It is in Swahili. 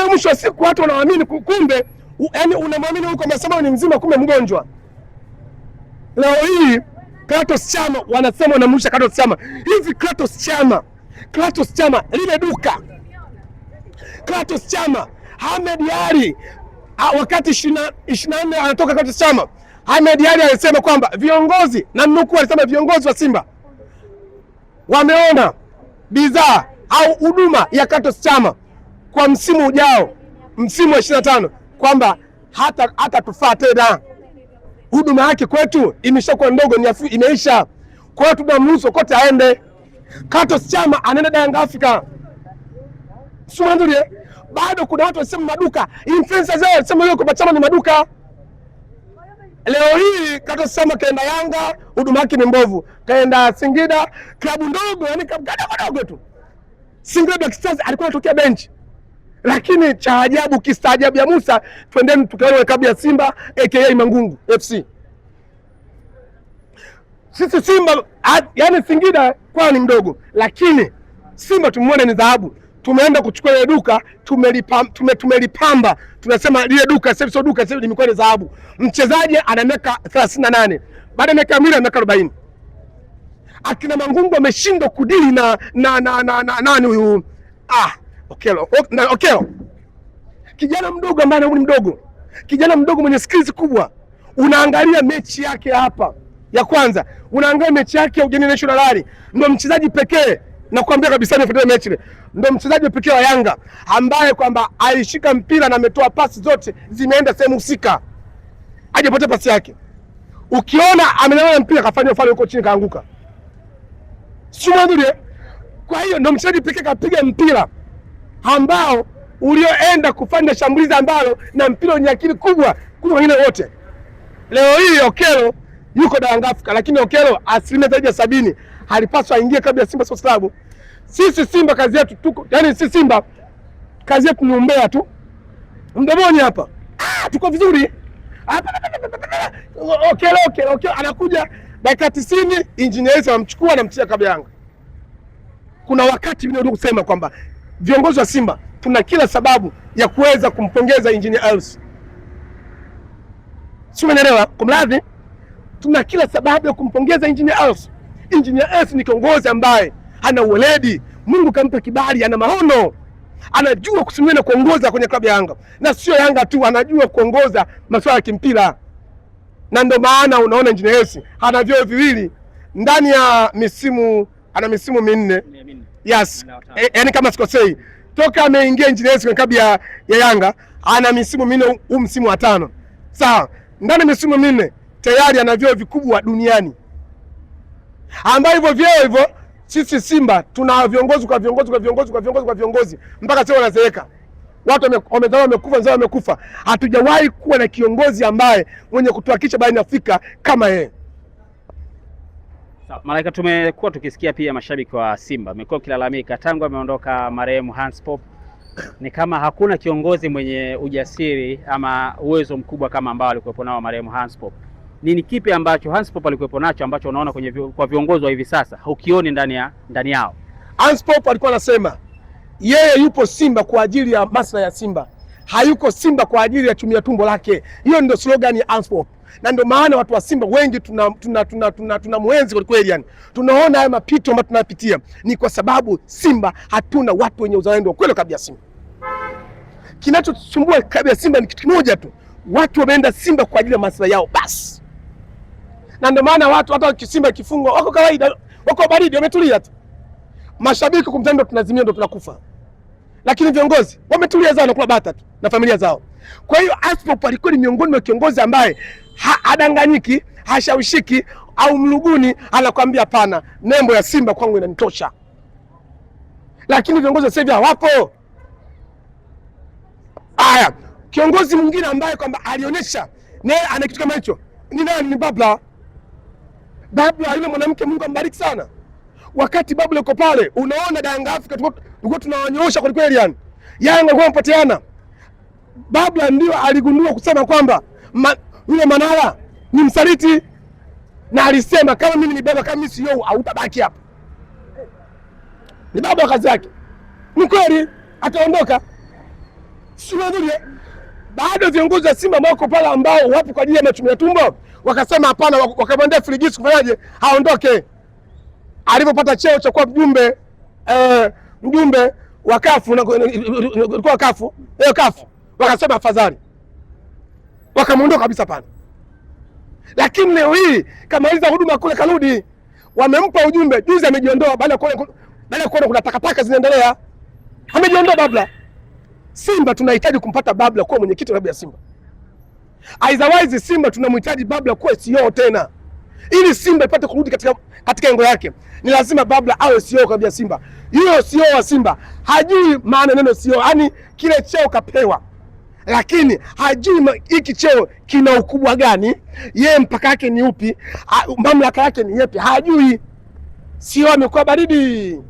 Kwa hiyo mwisho wa siku watu wanaamini kumbe, yaani unamwamini huko amesema ni mzima, kumbe mgonjwa. Leo hii Kratos Chama wanasema wanamrusha Kratos Chama. Hivi Kratos Chama, Kratos Chama lile duka Kratos Chama Hamed ha, wakati 24 anatoka Kratos Chama, Hamed Ali alisema kwamba viongozi na mnukuu, alisema viongozi wa Simba wameona bidhaa au huduma ya Kratos Chama kwa msimu ujao, msimu wa ishirini na tano kwamba hata hata tufaa tena. Huduma yake kwetu imeshakuwa ndogo, imeisha. Kwa hiyo tunamruhusu kote aende. Clatous Chama anaenda Young Africa sumandulie bado kuna watu wanasema maduka influencers zao wanasema hiyo kwamba Chama ni maduka. Leo hii Clatous Chama kaenda Yanga, huduma yake ni mbovu. Kaenda Singida, klabu ndogo, yani kadogo tu. Singida Black Stars alikuwa anatokea benchi. Lakini cha ajabu kistaajabu ya Musa, twendeni tukaone klabu ya Simba aka Mangungu FC. Sisi Simba at, yani Singida kwa ni mdogo, lakini Simba tumwone ni dhahabu. Tumeenda kuchukua ile duka tumelipamba, tume, tumelipamba tunasema ile duka sasa sio duka, sasa limekuwa ni dhahabu. Mchezaji ana miaka 38 baada ya miaka mili na miaka 40 akina Mangungu ameshindwa kudili na na na, na, na, nani huyu ah Okelo, Okelo, Okelo, kijana mdogo ambaye ni mdogo, kijana mdogo mwenye skills kubwa. Unaangalia mechi yake hapa ya kwanza, unaangalia mechi yake ya Ugeni National Rally, ndio mchezaji pekee nakwambia kabisa, nifuatilia mechi ile, ndio mchezaji pekee wa Yanga ambaye kwamba alishika mpira na ametoa pasi zote zimeenda sehemu husika, ajapata pasi yake. Ukiona amenyang'anya mpira kafanya ufalo huko chini kaanguka, sio ndio? Kwa hiyo ndio mchezaji pekee kapiga mpira ambao ulioenda kufanya shambulizi ambalo na mpira wenye akili kubwa kuliko wengine wote. Leo hii Okelo yuko dangafuka, lakini Okelo asilimia zaidi ya sabini alipaswa aingie kabla ya Simba Sports Club. Sisi Simba kazi yetu tuko yani, sisi Simba kazi yetu ni umbea tu mdomoni hapa. Ah, tuko vizuri hapa. Ah, Okelo Okelo Okelo anakuja dakika tisini, injinia anamchukua anamtia kabla Yanga. Kuna wakati mimi ndio kusema kwamba viongozi wa Simba tuna kila sababu ya kuweza kumpongeza Engineer Els, si umeelewa? Kumradhi, tuna kila sababu ya kumpongeza Engineer Els. Engineer Els ni kiongozi ambaye ana uweledi, Mungu kampa kibali, ana maono, anajua kusimamia na kuongoza kwenye klabu ya Yanga, na sio Yanga tu, anajua kuongoza masuala ya kimpira, na ndio maana unaona Engineer Els ana vyoo viwili ndani ya misimu, ana misimu minne Yes. Yaani kama sikosei toka ameingia engineers kwenye klabu ya, ya Yanga ana misimu minne, huu msimu wa tano. Sawa. Ndani misimu minne tayari ana vyeo vikubwa duniani. Ambayo hivyo vyeo hivyo sisi Simba tuna viongozi kwa viongozi kwa viongozi kwa viongozi kwa viongozi mpaka sasa wanazeeka. Watu wamezaa wamekufa, wamekufa. Hatujawahi kuwa na kiongozi ambaye mwenye kutuhakikisha barani Afrika kama yeye. Malaika, tumekuwa tukisikia pia mashabiki wa Simba amekuwa kilalamika tangu ameondoka marehemu Hans Pop, ni kama hakuna kiongozi mwenye ujasiri ama uwezo mkubwa kama ambao alikuwepo nao marehemu Hans Pop. Nini kipi ambacho Hans Pop alikuwepo nacho ambacho unaona kwenye kwa viongozi wa hivi sasa hukioni ndani ya ndani yao? Hans Pop alikuwa anasema yeye yupo Simba kwa ajili ya maslahi ya Simba hayuko Simba kwa ajili ya chumia tumbo lake. Hiyo ndio slogan ya Ansport, na ndio maana watu wa Simba wengi tuna, tuna, tuna, tuna, tuna mwenzi kwa kweli, yani tunaona haya mapito ambayo tunayapitia ni kwa sababu Simba hatuna watu wenye uzalendo wa kweli kabla ya Simba. Kinachosumbua kabla ya Simba ni kitu kimoja tu, watu wameenda Simba kwa ajili ya maslahi yao basi, na ndio maana watu hata Simba kifungwa wako kawaida, wako baridi, wametulia tu. Mashabiki kumtendo tunazimia, ndo tunakufa lakini viongozi wametulia zao nakula bata tu na familia zao. Kwa hiyo Askofu alikuwa ni miongoni mwa kiongozi ambaye hadanganyiki, hashawishiki au mluguni, anakwambia hapana, nembo ya Simba kwangu inanitosha. Lakini viongozi wa sasa hivi hawapo. Aya, kiongozi mwingine ambaye kwamba alionyesha ne ana kitu kama hicho ni nani? Ni Babla. Babla yule mwanamke, Mungu ambariki sana wakati babu yuko pale, unaona Yanga Afrika tulikuwa tunawanyoosha kweli kweli, yani Yanga alikuwa anapatiana. Babla ndio aligundua kusema kwamba ma, yule Manara ni msaliti, na alisema kama mimi ni baba, kama mimi sio, hautabaki hapa. Ni baba kazi yake, ni kweli, ataondoka siuhudhurie bado viongozi wa Simba ambao wako pale ambao wapo kwa ajili ya machumi ya tumbo wakasema hapana, wakamwambia Frigisi kufanyaje, haondoke alipopata cheo cha kuwa mjumbe eh, mjumbe wa kafu kwa kafu hiyo kafu, wakasema afadhali, wakamuondoa kabisa pale. Lakini leo hii kamaliza huduma kule, karudi, wamempa ujumbe. Juzi amejiondoa baada ya kuona kuna takataka zinaendelea, amejiondoa Babla. Simba tunahitaji kumpata Babla kuwa mwenyekiti wa klabu ya Simba, otherwise Simba tunamhitaji Babla kuwa CEO tena ili Simba ipate kurudi katika katika engo yake, ni lazima Babla awe CEO kabia Simba. Yule CEO wa Simba hajui maana neno CEO, yani kile cheo kapewa, lakini hajui hiki cheo kina ukubwa gani, yeye mpaka yake ni upi, mamlaka yake ni yepi, hajui. CEO amekuwa baridi.